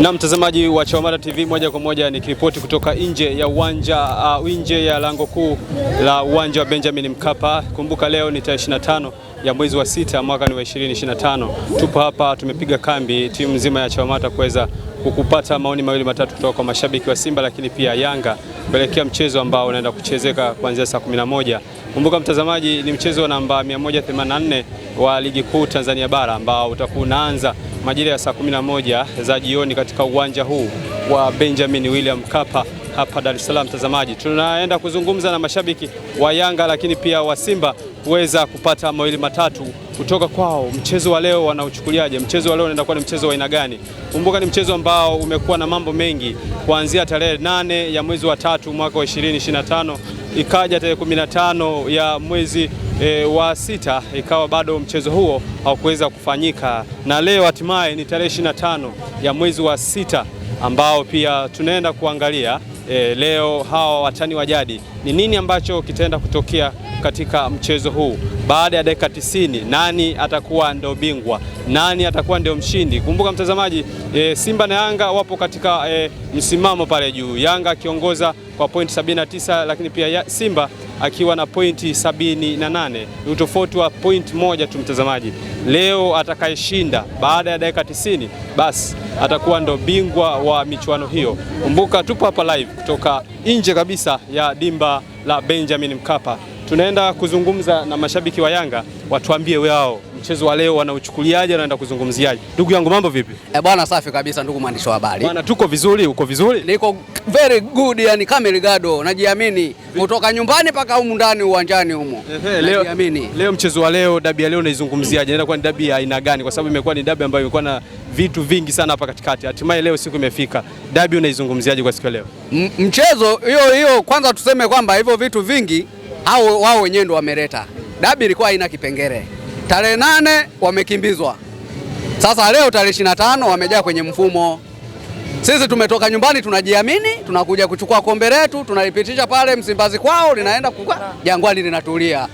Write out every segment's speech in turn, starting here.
Na mtazamaji wa Chawamata TV moja kwa moja nikiripoti kutoka nje ya uwanja uh, nje ya lango kuu la uwanja wa Benjamin Mkapa. Kumbuka leo ni tarehe 25 ya mwezi wa sita mwaka ni wa 2025. Tupo hapa tumepiga kambi timu nzima ya Chawamata kuweza kukupata maoni mawili matatu kutoka kwa mashabiki wa Simba lakini pia Yanga kuelekea mchezo ambao unaenda kuchezeka kuanzia saa 11. Kumbuka mtazamaji, ni mchezo wa namba 184 wa ligi kuu Tanzania bara ambao utakuwa unaanza majira ya saa 11 za jioni katika uwanja huu wa Benjamin William Mkapa hapa Dar es Salaam. Mtazamaji, tunaenda kuzungumza na mashabiki wa Yanga lakini pia wa Simba kuweza kupata mawili matatu kutoka kwao. Mchezo wa leo wanauchukuliaje? Mchezo wa leo unaenda kuwa ni mchezo wa aina gani? Kumbuka ni mchezo ambao umekuwa na mambo mengi kuanzia tarehe nane ya mwezi wa tatu mwaka wa 2025 ikaja tarehe 15 ya mwezi e, wa sita ikawa bado mchezo huo haukuweza kufanyika, na leo hatimaye ni tarehe 25 ya mwezi wa sita ambao pia tunaenda kuangalia e, leo hawa watani wa jadi ni nini ambacho kitaenda kutokea katika mchezo huu. Baada ya dakika tisini, nani atakuwa ndio bingwa, nani atakuwa ndio mshindi? Kumbuka mtazamaji, e, Simba na Yanga wapo katika e, msimamo pale juu, Yanga akiongoza kwa pointi 79, lakini pia Simba akiwa na pointi 78, ni utofauti wa point moja tu. Mtazamaji, leo atakayeshinda baada ya dakika 90 basi atakuwa ndo bingwa wa michuano hiyo. Kumbuka tupo hapa live kutoka nje kabisa ya dimba la Benjamin Mkapa, tunaenda kuzungumza na mashabiki wa Yanga, watuambie wao mchezo wa leo wanauchukuliaje, wanaenda kuzungumziaje? Ndugu yangu mambo vipi? Eh, bwana safi kabisa ndugu mwandishi wa habari. Bwana tuko vizuri, uko vizuri? Niko very good yani kama ligado najiamini kutoka nyumbani mpaka humu ndani uwanjani humo. leo, leo mchezo wa leo dabi ya leo unaizungumziaje? Naenda kwa ni dabi ya aina gani? Kwa sababu imekuwa ni dabi ambayo imekuwa na vitu vingi sana hapa katikati, hatimaye leo siku imefika. Dabi unaizungumziaje kwa siku ya leo? M mchezo hiyo hiyo, kwanza tuseme kwamba hivyo vitu vingi au wao wenyewe ndio wameleta. Dabi ilikuwa haina kipengele tarehe nane wamekimbizwa, sasa leo tarehe ishirini na tano wamejaa kwenye mfumo. Sisi tumetoka nyumbani tunajiamini, tunakuja kuchukua kombe letu, tunalipitisha pale Msimbazi kwao, linaenda kuka Jangwani, linatulia.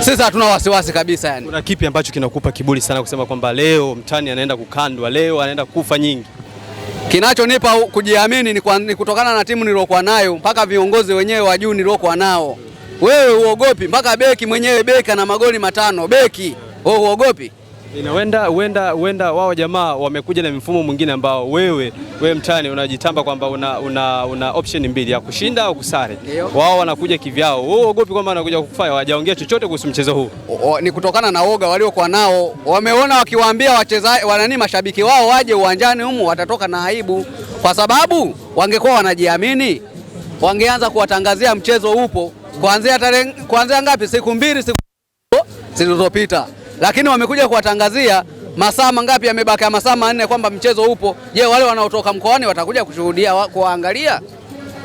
Sisi hatuna wasiwasi kabisa. Yani, kuna kipi ambacho kinakupa kiburi sana kusema kwamba leo mtani anaenda kukandwa, leo anaenda kufa nyingi? Kinachonipa kujiamini ni, kwa, ni kutokana na timu niliokuwa nayo mpaka viongozi wenyewe wa juu niliokuwa nao wewe uogopi mpaka beki mwenyewe, beki ana magoli matano, beki wewe uogopi? inawenda huenda huenda wao jamaa wamekuja na mfumo mwingine ambao wewe wewe mtani unajitamba kwamba una, una, una option mbili ya kushinda au kusare. Wao wanakuja kivyao, wewe uogopi kwamba wanakuja kukufaya? Hawajaongea chochote kuhusu mchezo huu. Ni kutokana na woga waliokuwa nao, wameona wakiwaambia wachezaji wanani, mashabiki wao waje uwanjani humu watatoka na aibu, kwa sababu wangekuwa wanajiamini wangeanza kuwatangazia mchezo upo kuanzia tarehe kuanzia ngapi, siku mbili siku zilizopita, lakini wamekuja kuwatangazia masaa mangapi yamebaki ya masaa manne kwamba mchezo upo. Je, wale wanaotoka mkoani watakuja kushuhudia wa, kuangalia?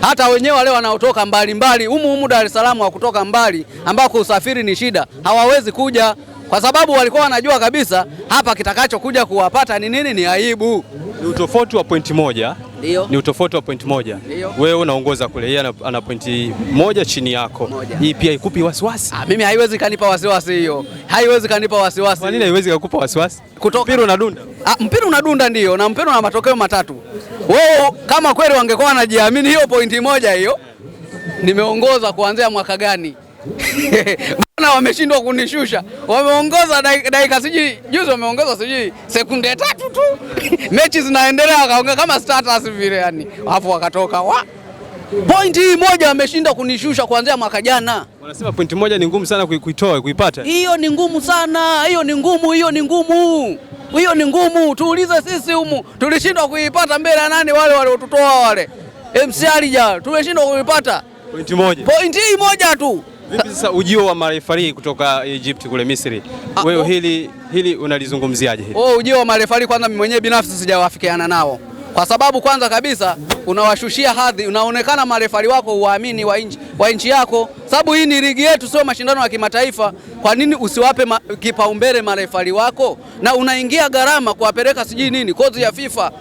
Hata wenyewe wale wanaotoka mbalimbali humu humu Dar es Salaam wa kutoka mbali ambako usafiri ni shida, hawawezi kuja kwa sababu walikuwa wanajua kabisa hapa kitakachokuja kuwapata ni nini. Ni aibu, ni utofauti wa pointi moja. Ndiyo. Ni utofauti wa point moja. Wewe unaongoza kule, yeye ana pointi moja chini yako. Hii pia ikupi wasiwasi? Ah, mimi haiwezi kanipa wasiwasi hiyo. Haiwezi kanipa wasiwasi. Kwa nini haiwezi kukupa wasiwasi? Mpira unadunda. Ah, mpira unadunda ndio, na mpira una matokeo matatu. Wewe kama kweli wangekuwa wanajiamini hiyo pointi moja hiyo, nimeongoza kuanzia mwaka gani? Bana wameshindwa kunishusha, wameongoza dakika siji juzi wameongoza siji sekunde tatu tu mechi zinaendelea, wakaongea kama status vile yani, alafu wakatoka wa pointi hii moja wameshinda kunishusha kuanzia mwaka jana. Wanasema pointi moja ni ngumu sana kuitoa kuipata, hiyo ni ngumu sana, hiyo ni ngumu, hiyo ni ngumu, hiyo ni ngumu. Tuulize sisi humu, tulishindwa kuipata mbele ya nani? Wale waliotutoa wale, MC Alija, tumeshindwa kuipata pointi moja, pointi hii moja tu. Vipi sasa ujio wa marefari kutoka Egypt kule Misri, ah, wewe oh. hili hili unalizungumziaje hili? Oh, ujio wa marefari kwanza, mimi mwenyewe binafsi sijawafikiana nao kwa sababu kwanza kabisa unawashushia hadhi, unaonekana marefari wako uwaamini wa nchi wa nchi yako, sababu hii ni ligi yetu, sio mashindano ya kimataifa. Kwa nini usiwape ma, kipaumbele marefari wako, na unaingia gharama kuwapeleka sijui nini kozi ya FIFA?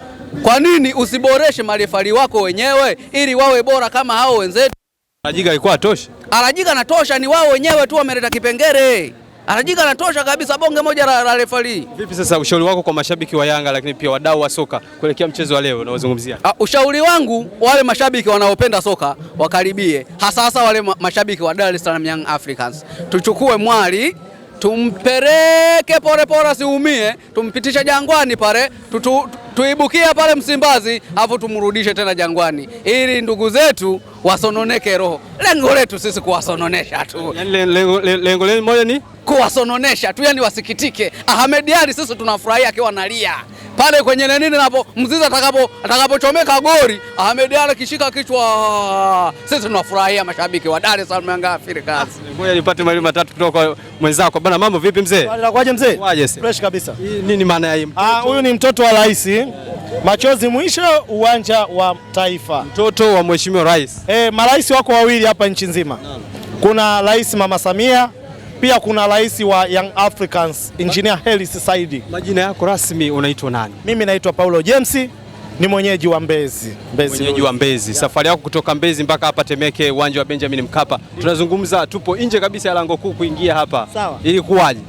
Kwa nini usiboreshe marefari wako wenyewe ili wawe bora kama hao wenzetu? arajiga alikuwa atosha. Alajiga anatosha, ni wao wenyewe tu wameleta kipengele. Alajiga anatosha kabisa, bonge moja la refali. Vipi sasa ushauri wako kwa mashabiki wa Yanga lakini pia wadau wa soka kuelekea mchezo wa leo unaozungumzia? Ah, ushauri wangu wale mashabiki wanaopenda soka wakaribie, hasa hasa wale mashabiki wa Dar es Salaam Young Africans. Tuchukue mwali tumpeleke pole, siumie tumpitishe Jangwani pale tutu tuibukia pale Msimbazi afu tumrudishe tena Jangwani ili ndugu zetu wasononeke roho. Lengo letu sisi kuwasononesha tu, yaani lengo lenu moja ni kuwasononesha tu, yani wasikitike. Ahmed Ally sisi tunafurahia akiwa nalia pale kwenye nini napo Mzize atakapo atakapochomeka goli Ahmed Ali kishika kichwa, sisi tunafurahia. Mashabiki wa Dar es Salaam Yanga Afrika, ngoja nipate mawili matatu kutoka kwa mwenzako bana. Mambo vipi mzee? Anakuaje mzee? Fresh kabisa. Nini maana ya hii? Ah, huyu ni mtoto wa rais, machozi mwisho uwanja wa Taifa, mtoto wa mheshimiwa rais. Eh, marais wako wawili hapa nchi nzima, kuna rais mama Samia pia kuna rais wa Young Africans Engineer Heris Saidi. Majina yako rasmi unaitwa nani? Mimi naitwa Paulo James ni mwenyeji wa Mbezi. Mbezi mwenyeji wa Mbezi yeah. Safari yako kutoka Mbezi mpaka hapa Temeke, uwanja wa Benjamin Mkapa yeah. Tunazungumza, tupo nje kabisa ya lango kuu kuingia hapa. Sawa. Ilikuwaje?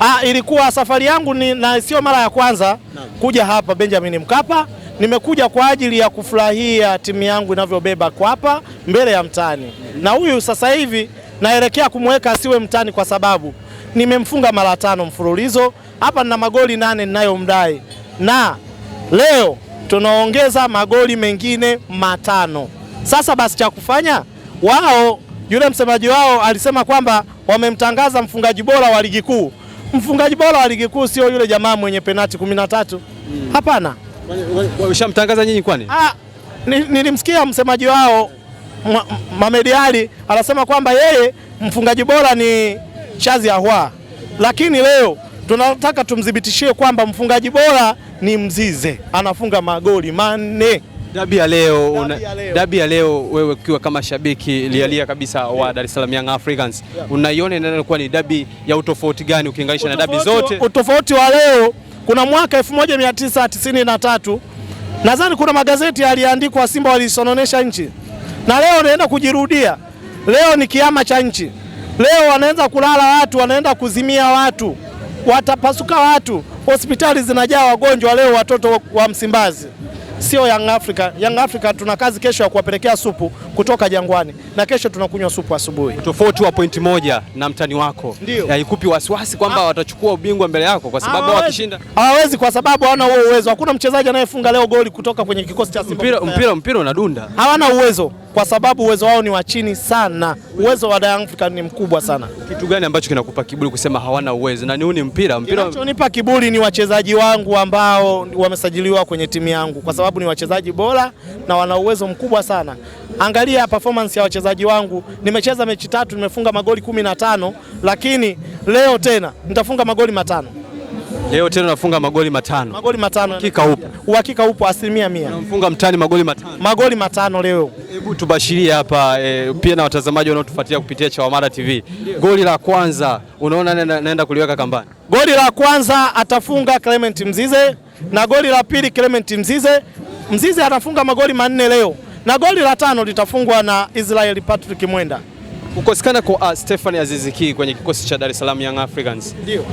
Ah, ilikuwa safari yangu ni, na sio mara ya kwanza no. kuja hapa Benjamin Mkapa. Nimekuja kwa ajili ya kufurahia timu yangu inavyobeba kwa hapa mbele ya mtani yeah. na huyu sasa hivi naelekea kumweka asiwe mtani kwa sababu nimemfunga mara tano mfululizo hapa, nina magoli nane ninayomdai na leo tunaongeza magoli mengine matano. Sasa basi, cha kufanya wao, yule msemaji wao alisema kwamba wamemtangaza mfungaji bora wa ligi kuu. Mfungaji bora wa ligi kuu sio yule jamaa mwenye penati kumi na tatu. Hmm. Hapana, wameshamtangaza nyinyi kwani? Ah, nilimsikia msemaji wao Mamedi Ali anasema kwamba yeye mfungaji bora ni Chazi Ahwa, lakini leo tunataka tumthibitishie kwamba mfungaji bora ni Mzize, anafunga magoli manne. Dabi ya leo, una, dabi ya leo wewe ukiwa kama shabiki lialia kabisa wa Dar es Salaam Young Africans yeah, unaiona inakuwa ni dabi ya utofauti gani ukilinganisha na dabi zote? Utofauti wa leo kuna mwaka 1993 nadhani kuna magazeti yaliandikwa Simba walisononesha nchi na leo naenda kujirudia. Leo ni kiama cha nchi. Leo wanaanza kulala watu, wanaenda kuzimia watu, watapasuka watu, hospitali zinajaa wagonjwa leo, watoto wa Msimbazi. Sio Young Africa. Young Africa tuna kazi kesho ya kuwapelekea supu kutoka Jangwani, na kesho tunakunywa supu asubuhi. Tofauti wa pointi moja na mtani wako haikupi wasiwasi kwamba ah. watachukua ubingwa mbele yako? Kwa sababu wakishinda hawawezi, kwa sababu hawana huo uwezo. Hakuna mchezaji anayefunga leo goli kutoka kwenye kikosi cha Simba. Mpira mpira mpira unadunda, hawana uwezo kwa sababu uwezo wao ni wa chini sana. Uwezo wa Young Africans ni mkubwa sana. Kitu gani ambacho kinakupa kiburi kusema hawana uwezo? Na ni huu ni mpira mpira. Kinachonipa kiburi ni wachezaji wangu ambao wamesajiliwa kwenye timu yangu, kwa sababu ni wachezaji bora na wana uwezo mkubwa sana. Angalia performance ya wachezaji wangu, nimecheza mechi tatu, nimefunga magoli kumi na tano, lakini leo tena nitafunga magoli matano. Leo tena nafunga magoli matano. Magoli matano. Hakika upo. Uhakika upo asilimia mia. mtani magoli matano. Magoli matano leo. Hebu tubashirie hapa e, pia na watazamaji wanaotufuatia kupitia Chawamata TV. Goli la kwanza unaona naenda, naenda kuliweka kambani. Goli la kwanza atafunga Clement Mzize na goli la pili Clement Mzize. Mzize atafunga magoli manne leo na goli la tano litafungwa na Israel Patrick Mwenda. Kukosekana kwa ah, Stefan Aziz Ki kwenye kikosi cha Dar es Salaam Young Africans, ndio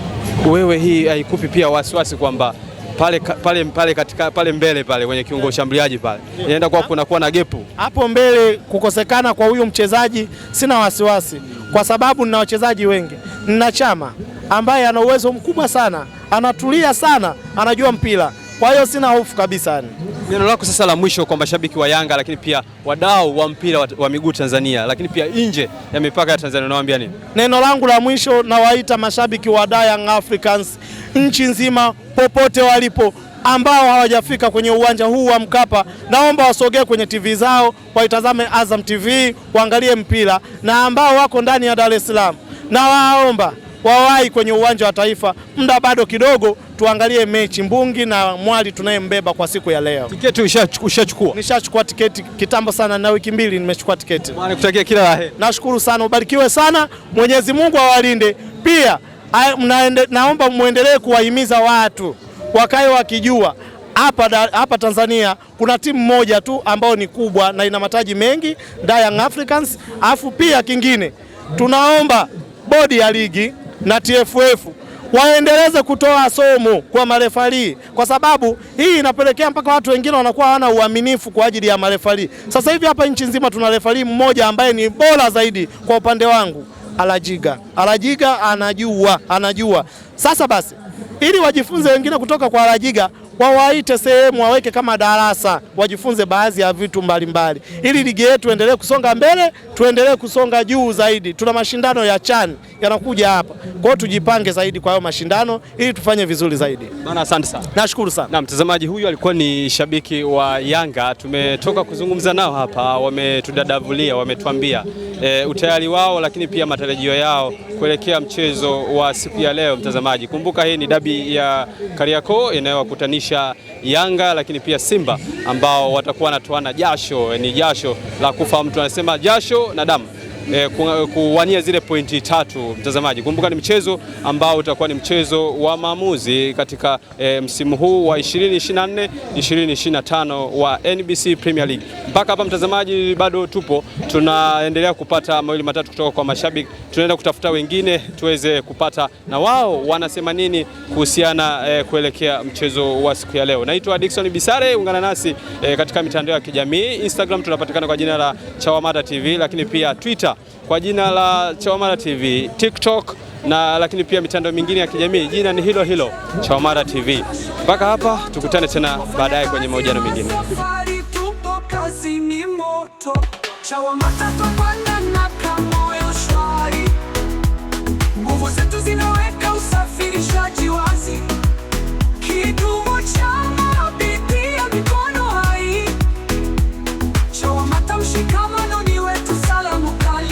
wewe, hii haikupi pia wasiwasi kwamba pale, pale, pale, katika, pale mbele pale kwenye kiungo ushambuliaji pale inaenda kuwa kunakuwa na gepu hapo mbele. Kukosekana kwa huyu mchezaji sina wasiwasi, kwa sababu nina wachezaji wengi, nina Chama ambaye ana uwezo mkubwa sana, anatulia sana, anajua mpira kwa hiyo sina hofu kabisa yani. Neno lako sasa la mwisho kwa mashabiki wa Yanga, lakini pia wadau wa mpira wa, wa miguu Tanzania, lakini pia nje ya mipaka ya Tanzania unawaambia nini? Neno langu la mwisho nawaita mashabiki wa da Young Africans nchi nzima popote walipo ambao hawajafika kwenye uwanja huu wa Mkapa, naomba wasogee kwenye TV zao waitazame Azam TV, waangalie mpira, na ambao wako ndani ya Dar es Salaam na waomba wawai kwenye uwanja wa Taifa. Muda bado kidogo, tuangalie mechi Mbungi na Mwali tunayembeba kwa siku ya leo. Tiketi ushachukua? Nishachukua tiketi kitambo sana, na wiki mbili nimechukua tiketi. Bwana, kila la heri. Nashukuru sana, ubarikiwe sana, Mwenyezi Mungu awalinde pia. Naomba muendelee kuwahimiza watu wakae wakijua hapa hapa Tanzania kuna timu moja tu ambayo ni kubwa na ina mataji mengi, Young Africans. Alafu pia kingine tunaomba bodi ya ligi na TFF waendeleze kutoa somo kwa marefarii, kwa sababu hii inapelekea mpaka watu wengine wanakuwa hawana uaminifu kwa ajili ya marefarii. Sasa hivi hapa nchi nzima tuna refarii mmoja ambaye ni bora zaidi kwa upande wangu, Alajiga. Alajiga anajua, anajua. Sasa basi, ili wajifunze wengine kutoka kwa Alajiga, wawaite sehemu waweke kama darasa, wajifunze baadhi ya vitu mbalimbali, ili ligi yetu endelee kusonga mbele, tuendelee kusonga juu zaidi. Tuna mashindano ya CHAN yanakuja hapa, kwa hiyo tujipange zaidi kwa hayo mashindano ili tufanye vizuri zaidi. Bana, asante sana, nashukuru sana. Na mtazamaji huyu alikuwa ni shabiki wa Yanga, tumetoka kuzungumza nao hapa, wametudadavulia, wametuambia e, utayari wao, lakini pia matarajio yao kuelekea mchezo wa siku ya leo. Mtazamaji, kumbuka hii ni dabi ya Kariakoo inayowakutanisha inamaanisha Yanga lakini pia Simba ambao watakuwa wanatoana jasho, ni jasho la kufa mtu anasema jasho na damu. Eh, eh, kuwania zile pointi tatu. Mtazamaji, kumbuka ni mchezo ambao utakuwa ni mchezo wa maamuzi katika eh, msimu huu wa 2024 2025 wa NBC Premier League. Mpaka hapa mtazamaji, bado tupo tunaendelea kupata mawili matatu kutoka kwa mashabiki, tunaenda kutafuta wengine tuweze kupata na wao wanasema nini kuhusiana eh, kuelekea mchezo wa siku ya leo. Naitwa Dickson Bisare, ungana nasi eh, katika mitandao ya kijamii Instagram tunapatikana kwa jina la Chawamata TV, lakini pia Twitter kwa jina la Chawamata TV, TikTok na lakini pia mitandao mingine ya kijamii, jina ni hilo hilo Chawamata TV. Mpaka hapa tukutane tena baadaye kwenye mahojiano mengine. Chawamata na kama